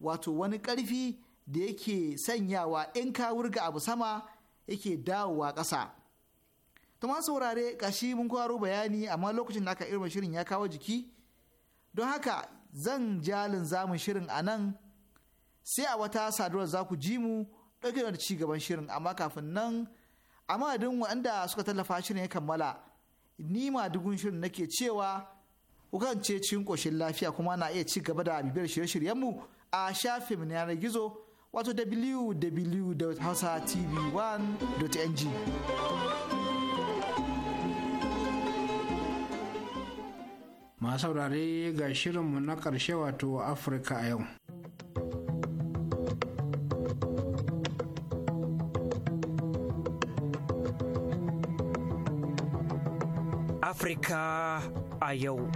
wato wani ƙarfi da yake sanyawa in ka wurga abu sama yake dawowa ƙasa to ma saurare kashi mun kwaro bayani amma lokacin da aka irma shirin ya kawo jiki don haka zan jalin zamun shirin a nan sai a wata saduwar za ku ji mu ɗauke da ci gaban shirin amma kafin nan a madadin waɗanda suka tallafa shirin ya kammala ni ma dugun shirin nake cewa kukan ce cikin ƙoshin lafiya kuma na iya ci gaba da bibiyar shirye-shiryenmu a shafin na yanar gizo wato www.hausatv1.ng masu saurare ga shirinmu na karshe wato afirka a yau afirka a yau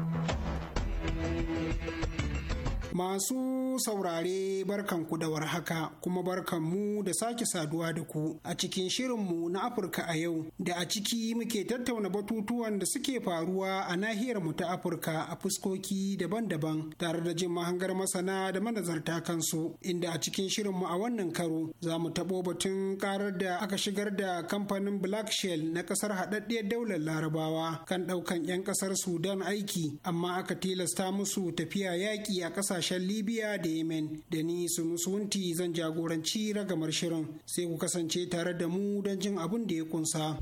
Masu saurare barkan ku da warhaka kuma barkan mu da sake saduwa da ku a cikin shirinmu na Afirka a yau da a ciki muke tattauna batutuwan da suke faruwa a nahiyar mu ta Afirka a fuskoki daban-daban tare da jin mahangar masana da manazarta kansu inda a cikin shirinmu a wannan karo za mu tabo batun karar da aka shigar da kamfanin Black Shell na kasar haɗaɗɗiyar daular Larabawa kan ɗaukan 'yan ƙasar Sudan aiki amma aka tilasta musu tafiya yaƙi a ƙasashen kasashen libya da yemen da ni su musunti zan jagoranci ragamar shirin sai ku kasance tare da mu don jin abin da ya kunsa.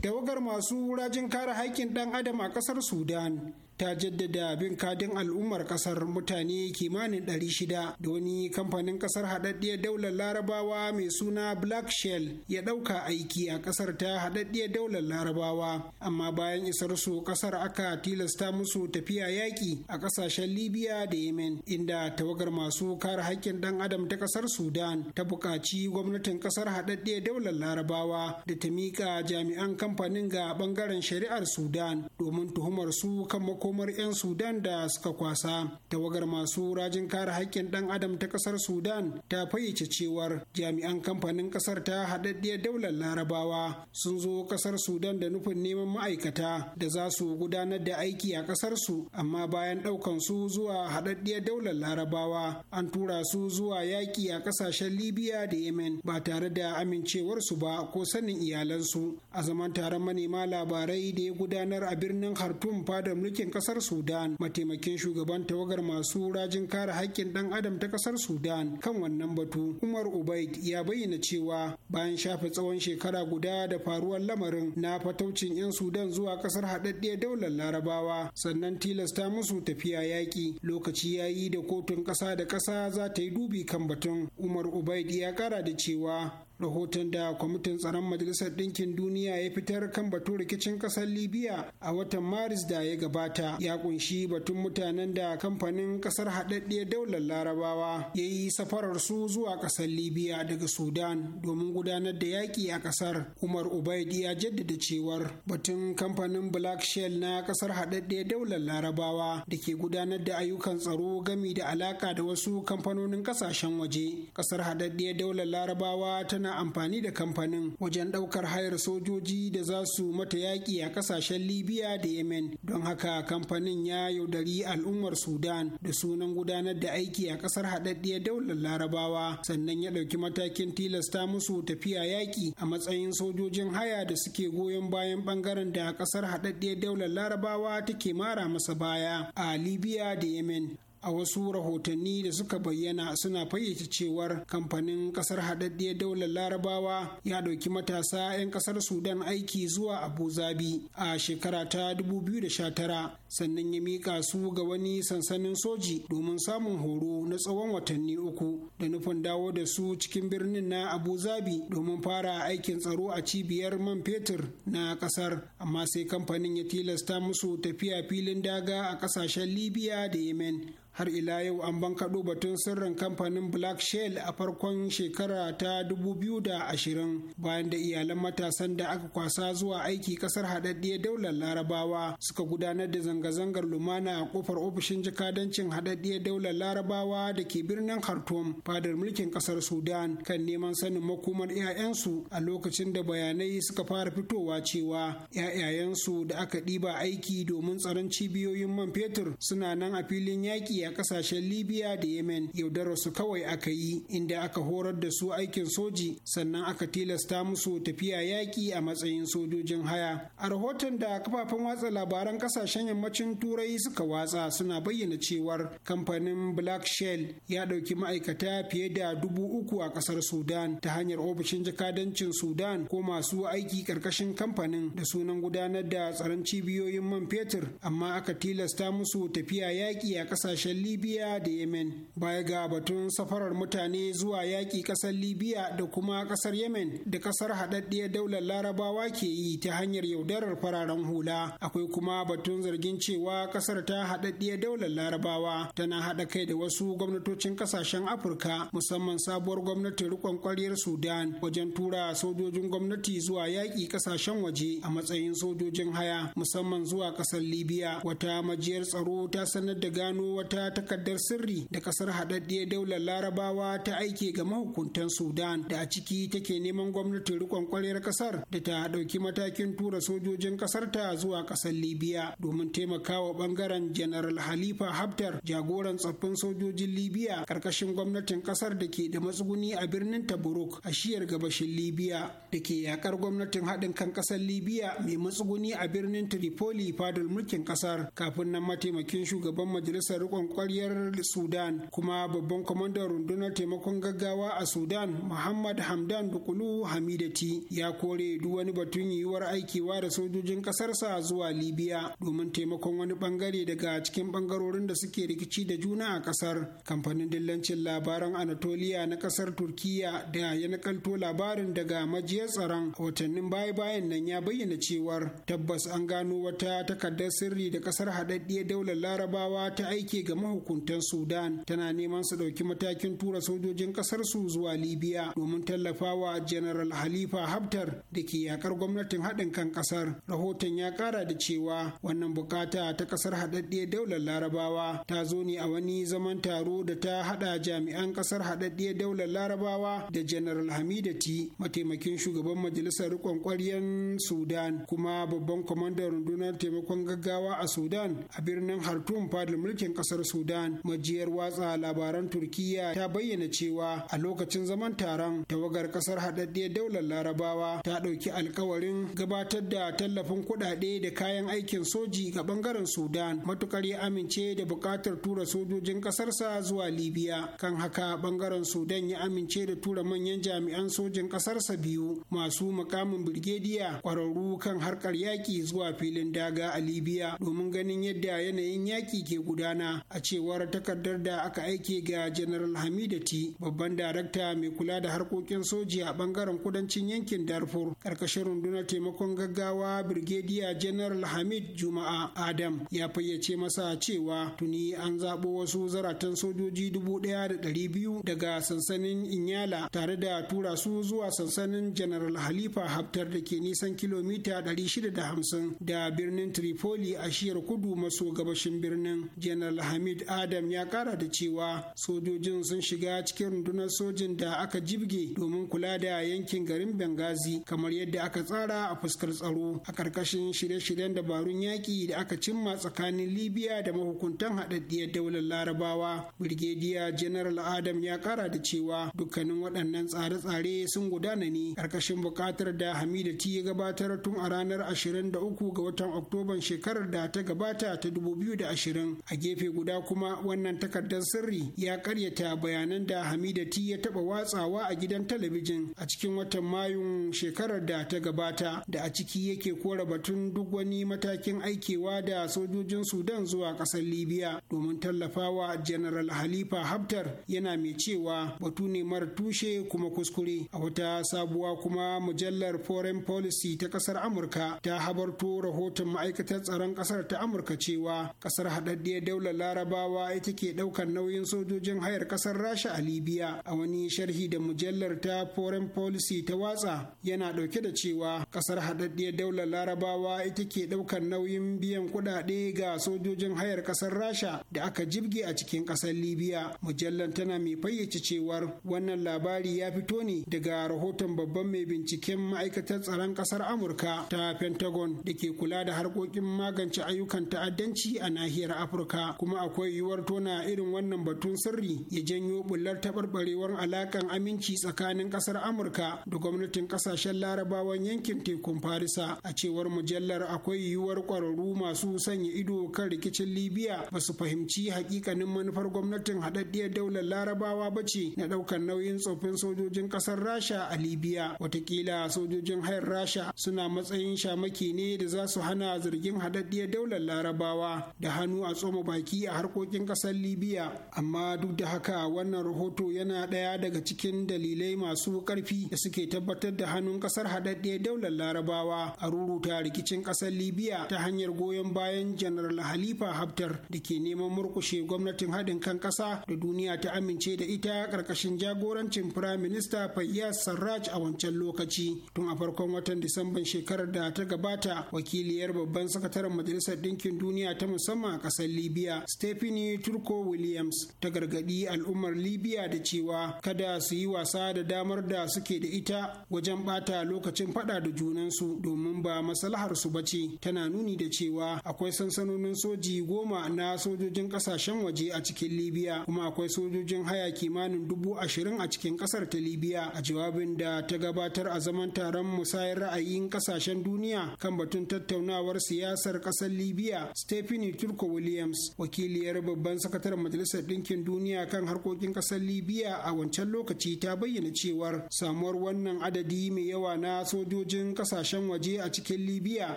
tawagar masu rajin kare haƙƙin ɗan adam a ƙasar sudan ta jaddada bin kadin al'ummar kasar mutane kimanin 600 da wani kamfanin kasar haɗaɗɗiyar daular larabawa mai suna black shell ya ɗauka aiki a kasar ta haɗaɗɗiyar daular larabawa amma bayan isar su kasar aka tilasta musu tafiya yaƙi a ƙasashen libya da yemen inda tawagar masu kare haƙƙin ɗan adam ta ƙasar sudan ta buƙaci gwamnatin kasar haɗaɗɗiyar daular larabawa da ta miƙa jami'an kamfanin ga ɓangaren shari'ar sudan domin tuhumar su kan mako makomar 'yan sudan da suka kwasa tawagar masu rajin kare haƙƙin ɗan adam ta ƙasar sudan ta fayyace cewar jami'an kamfanin ƙasar ta haɗaɗɗiyar daular larabawa sun zo ƙasar sudan da nufin neman ma'aikata da za su gudanar da aiki a ƙasar su amma bayan ɗaukan su zuwa haɗaɗɗiyar daular larabawa an tura su zuwa yaƙi a ƙasashen libya da yemen ba tare da amincewarsu ba ko sanin iyalansu a zaman taron manema labarai da ya gudanar a birnin khartoum fadar mulkin kasar sudan mataimakin shugaban tawagar masu rajin kare haƙƙin ɗan adam ta kasar sudan kan wannan batu umar ubaid ya bayyana cewa bayan shafe tsawon shekara guda da faruwar lamarin na fataucin 'yan sudan zuwa kasar haɗaɗɗiyar daular larabawa sannan tilasta musu tafiya yaƙi lokaci ya yi da kotun ƙasa da ƙasa za ta yi dubi kan batun umar ubaid ya ƙara da cewa rahoton da kwamitin tsaron majalisar ɗinkin duniya ya fitar kan batun rikicin ƙasar libya a watan maris da ya gabata ya kunshi batun mutanen da kamfanin ƙasar haɗaɗɗiyar daular larabawa ya yi safarar su zuwa ƙasar libya daga sudan domin gudanar da yaƙi a ƙasar umar ubaid ya jaddada cewar batun kamfanin black shell na ƙasar haɗaɗɗiyar daular larabawa da ke gudanar da ayyukan tsaro gami da alaƙa da wasu kamfanonin ƙasashen waje ƙasar haɗaɗɗiyar daular larabawa tana tana amfani da kamfanin wajen ɗaukar hayar sojoji da za su mata yaƙi a ƙasashen Libya da Yemen. Don haka kamfanin ya yaudari al'ummar Sudan da sunan gudanar da aiki a ƙasar haɗaɗɗiyar daular Larabawa sannan ya ɗauki matakin tilasta musu tafiya yaƙi a matsayin sojojin haya da suke goyon bayan ɓangaren da ƙasar haɗaɗɗiyar daular Larabawa take mara masa baya a Libya da Yemen. a wasu rahotanni da suka bayyana suna fayyace cewar kamfanin kasar haɗaɗɗiyar daular larabawa ya ɗauki matasa 'yan ƙasar sudan aiki zuwa abu zabi a shekara ta 2019 sannan ya miƙa su ga wani sansanin soji domin samun horo na tsawon watanni uku da nufin dawo da su cikin birnin na abu zabi domin fara aikin tsaro a cibiyar man fetur na ƙasar amma sai kamfanin ya tilasta musu tafiya filin daga a ƙasashen libya da yemen har ila yau an bankaɗo batun sirrin kamfanin black shell a farkon shekara ta 2020 bayan da iyalan matasan da aka kwasa zuwa aiki ƙasar haɗaɗɗiyar daular larabawa suka gudanar da zanga-zangar lumana a kofar ofishin jikadancin haɗaɗɗiyar daular larabawa da ke birnin khartoum fadar mulkin ƙasar sudan kan neman sanin makomar 'ya'yansu a lokacin da bayanai suka fara fitowa cewa 'ya'yayensu da aka ɗiba aiki domin tsaron cibiyoyin man fetur suna nan a filin yaƙi a ƙasashen libya da yemen yaudarar su kawai aka yi inda aka horar da su aikin soji sannan aka tilasta musu tafiya yaƙi a matsayin sojojin haya a rahoton da kafafen watsa labaran ƙasashen yamma yammacin turai suka watsa suna bayyana cewar kamfanin black shell ya ɗauki ma'aikata fiye da dubu uku a ƙasar sudan ta hanyar ofishin jakadancin sudan ko masu aiki ƙarƙashin kamfanin da sunan gudanar da tsaron cibiyoyin man fetur amma aka tilasta musu tafiya yaƙi a ƙasashen libya da yemen baya ga batun safarar mutane zuwa yaƙi ƙasar libya da kuma ƙasar yemen da ƙasar haɗaɗɗiyar daular larabawa ke yi ta hanyar yaudarar fararen hula akwai kuma batun zargin cewa kasar ta haɗaɗɗiya daular larabawa tana haɗa kai da wasu gwamnatocin kasashen afirka musamman sabuwar gwamnatin rikon kwaryar sudan wajen tura sojojin gwamnati zuwa yaƙi kasashen waje a matsayin sojojin haya musamman zuwa ƙasar libya wata majiyar tsaro ta sanar da gano wata takardar sirri da kasar haɗaɗɗiya daular larabawa ta aike ga mahukuntan sudan da a ciki take neman gwamnatin rikon kwaryar kasar da ta ɗauki matakin tura sojojin kasar ta zuwa ƙasar libya domin ta taimakawa bangaren General Halifa Haftar jagoran tsaffin sojojin Libya karkashin gwamnatin kasar da ke da matsuguni a birnin Tabaruk a shiyar gabashin Libya da ke yakar gwamnatin haɗin kan kasar Libya mai matsuguni a birnin Tripoli fadar mulkin kasar kafin nan mataimakin shugaban majalisar riƙon kwaryar Sudan kuma babban kwamandan rundunar taimakon gaggawa a Sudan Muhammad Hamdan Dukulu Hamidati ya kore duk wani batun yiwuwar aikewa da sojojin ƙasarsa zuwa Libya domin taimakon maimakon wani bangare daga cikin bangarorin da suke rikici da juna a kasar kamfanin dillancin labaran Anatoliya na kasar turkiya da ya nakalto labarin daga majiyar tsaron watannin baya bayan nan ya bayyana cewar tabbas an gano wata takardar sirri da kasar haɗaɗɗiyar daular larabawa ta aike ga mahukuntan sudan tana neman su ɗauki matakin tura sojojin kasar su zuwa libya domin tallafawa general halifa haftar da ke yakar gwamnatin haɗin kan kasar rahoton ya ƙara da cewa wannan buƙatar ta ta kasar haɗaɗɗiyar daular larabawa ta zo ne a wani zaman taro da ta haɗa jami'an kasar haɗaɗɗiyar daular larabawa da general hamidati mataimakin shugaban majalisar riƙon ƙwaryen sudan kuma babban kwamandan rundunar taimakon gaggawa a sudan a birnin hartun fadar mulkin kasar sudan majiyar watsa labaran turkiya ta bayyana cewa a lokacin zaman taron tawagar kasar haɗaɗɗiyar daular larabawa ta ɗauki alkawarin gabatar da tallafin kuɗaɗe da kayan aikin soji ga bangaren sudan matukar ya amince da buƙatar tura sojojin ƙasarsa zuwa libya kan haka bangaren sudan ya amince da tura manyan jami'an sojin ƙasarsa biyu masu makamin birgediya kwararru kan harkar yaƙi zuwa filin daga a libya domin ganin yadda yanayin yaƙi ke gudana a cewar takardar da aka aike ga general hamidati babban darakta mai kula da harkokin soji a bangaren kudancin yankin darfur ƙarƙashin rundunar taimakon gaggawa birgediya general hamid juma'a adam ya fayyace masa cewa tuni an zaɓo wasu zaratan sojoji dubu ɗaya da ɗari biyu daga sansanin inyala tare da tura su zuwa sansanin general halifa haftar da ke nisan kilomita ɗari shida da hamsin da birnin tripoli a shiyar kudu maso gabashin birnin general hamid adam ya ƙara da cewa sojojin sun shiga cikin rundunar sojin da aka jibge domin kula da yankin garin Benghazi kamar yadda aka tsara a fuskar tsaro a ƙarƙashin shirye-shiryen dabarun yaƙi da aka aka cimma tsakanin libya da mahukuntan haɗaɗɗiyar daular larabawa birgediya general adam ya kara da cewa dukkanin waɗannan tsare-tsare sun gudana ne ƙarƙashin buƙatar da hamida ti ya gabatar tun a ranar 23 ga watan oktoban shekarar da ta gabata ta 2020 a gefe guda kuma wannan takardar sirri ya karyata bayanan da hamida ti ya taba watsawa a gidan talabijin a cikin watan mayun shekarar da ta gabata da a ciki yake kora batun duk wani matakin aikewa da sojojin Sudan zuwa ƙasar Libya domin tallafawa General Halifa Habtar yana mai cewa batu ne mara tushe kuma kuskure. A wata sabuwa kuma mujallar Foreign Policy ta ƙasar Amurka ta habarto rahoton ma'aikatar tsaron ƙasar ta Amurka cewa ƙasar haɗaɗɗiyar daular Larabawa ita ke ɗaukar nauyin sojojin hayar ƙasar Rasha a Libya a wani sharhi da mujallar ta Foreign Policy ta watsa yana ɗauke da cewa ƙasar haɗaɗɗiyar daular Larabawa ita ke ɗaukar nauyin biyan kudade kuɗaɗe ga sojojin hayar kasar rasha da aka jibge a cikin kasar libya mujallar tana mai fayyace cewar wannan labari ya fito ne daga rahoton babban mai binciken ma'aikatar tsaron kasar amurka ta pentagon da ke kula da harkokin magance ayyukan ta'addanci a nahiyar afirka kuma akwai yiwuwar tona irin wannan batun sirri ya janyo bullar taɓarɓarewar alaƙan aminci tsakanin kasar amurka da gwamnatin ƙasashen larabawan yankin tekun farisa a cewar mujallar akwai yiwuwar ƙwararru masu masu sanya ido kan rikicin libya ba su fahimci hakikanin manufar gwamnatin haɗaɗɗiyar daular larabawa ba ce na ɗaukar nauyin tsoffin sojojin ƙasar rasha a libya watakila sojojin hayar rasha suna matsayin shamaki ne da za su hana zargin haɗaɗɗiyar daular larabawa da hannu a tsoma baki a harkokin ƙasar libya amma duk da haka wannan rahoto yana ɗaya daga cikin dalilai masu ƙarfi da suke tabbatar da hannun ƙasar haɗaɗɗiyar daular larabawa a ruruta rikicin ƙasar libya ta hanyar goyon goyon bayan janaral halifa haftar da ke neman murkushe gwamnatin haɗin kan ƙasa da duniya ta amince da ita ƙarƙashin jagorancin firayim minista fayyaz sarraj a wancan lokaci tun a farkon watan disamban shekarar da ta gabata wakiliyar babban sakataren majalisar ɗinkin duniya ta musamman a ƙasar libya stephanie turko williams ta gargaɗi al'ummar libya da cewa kada su yi wasa da damar da suke da ita wajen ɓata lokacin faɗa da junansu domin ba maslaharsu ba ce tana nuni da cewa akwai sansanonin soji goma na sojojin kasashen waje a cikin libya kuma akwai sojojin haya kimanin dubu ashirin a cikin kasar ta libya a jawabin da ta gabatar a zaman taron musayar ra'ayin kasashen duniya kan batun tattaunawar siyasar kasar libya stephanie turko williams wakiliyar babban sakataren majalisar ɗinkin duniya kan harkokin kasar libya a wancan lokaci ta bayyana cewar samuwar wannan adadi mai yawa na sojojin kasashen waje a cikin libya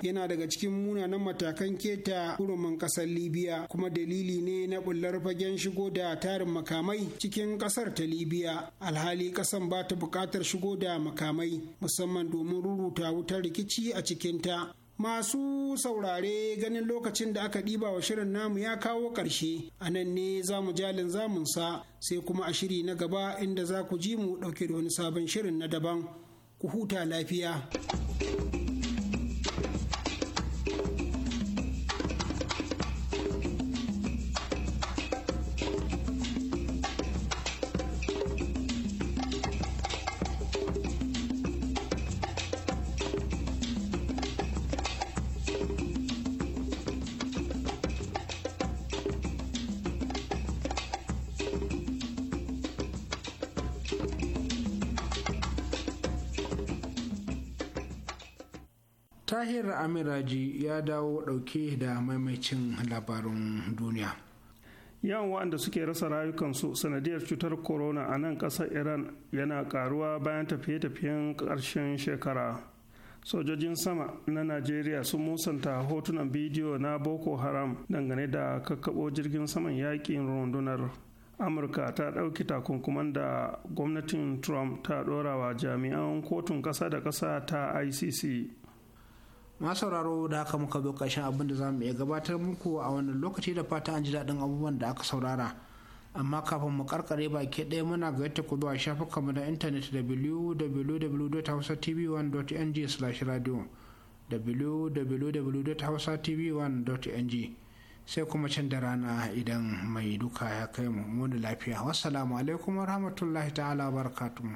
yana daga cikin munanan matakan kan keta kurumin kasar libya kuma dalili ne na bullar fagen shigo da tarin makamai cikin ƙasar ta libya alhali kasan ba ta bukatar shigo da makamai musamman domin ruruta wutar rikici a cikin ta. masu saurare ganin lokacin da aka ɗiba wa shirin namu ya kawo ƙarshe a nan ne za mu jalin zamunsa sai kuma a shiri na gaba inda za ku ji mu ɗauke da wani sabon shirin na daban ku huta lafiya. tahir amiraji ya dawo dauke da maimacin labarin duniya yawan waɗanda suke rasa rayukansu sanadiyar cutar corona a nan ƙasar iran yana ƙaruwa bayan tafiye-tafiyen ƙarshen shekara sojojin sama na najeriya sun musanta hotunan bidiyo na boko haram dangane da kakkaɓo jirgin saman yaƙin rundunar amurka ta ɗauki takunkuman da gwamnatin trump ta ɗorawa jami'an kotun ƙasa da ƙasa ta icc masu sauraro da haka muka zo ƙarshen abin da za mu iya gabatar muku a wannan lokaci da fata an ji daɗin abubuwan da aka saurara amma kafin mu karkare baki ɗaya muna ga yadda ku zuwa shafukanmu na intanet www.hausatv1.ng/radio www.hausatv1.ng sai kuma can da rana idan mai duka ya kai mu muni lafiya wassalamu alaikum warahmatullahi ta'ala barakatuhu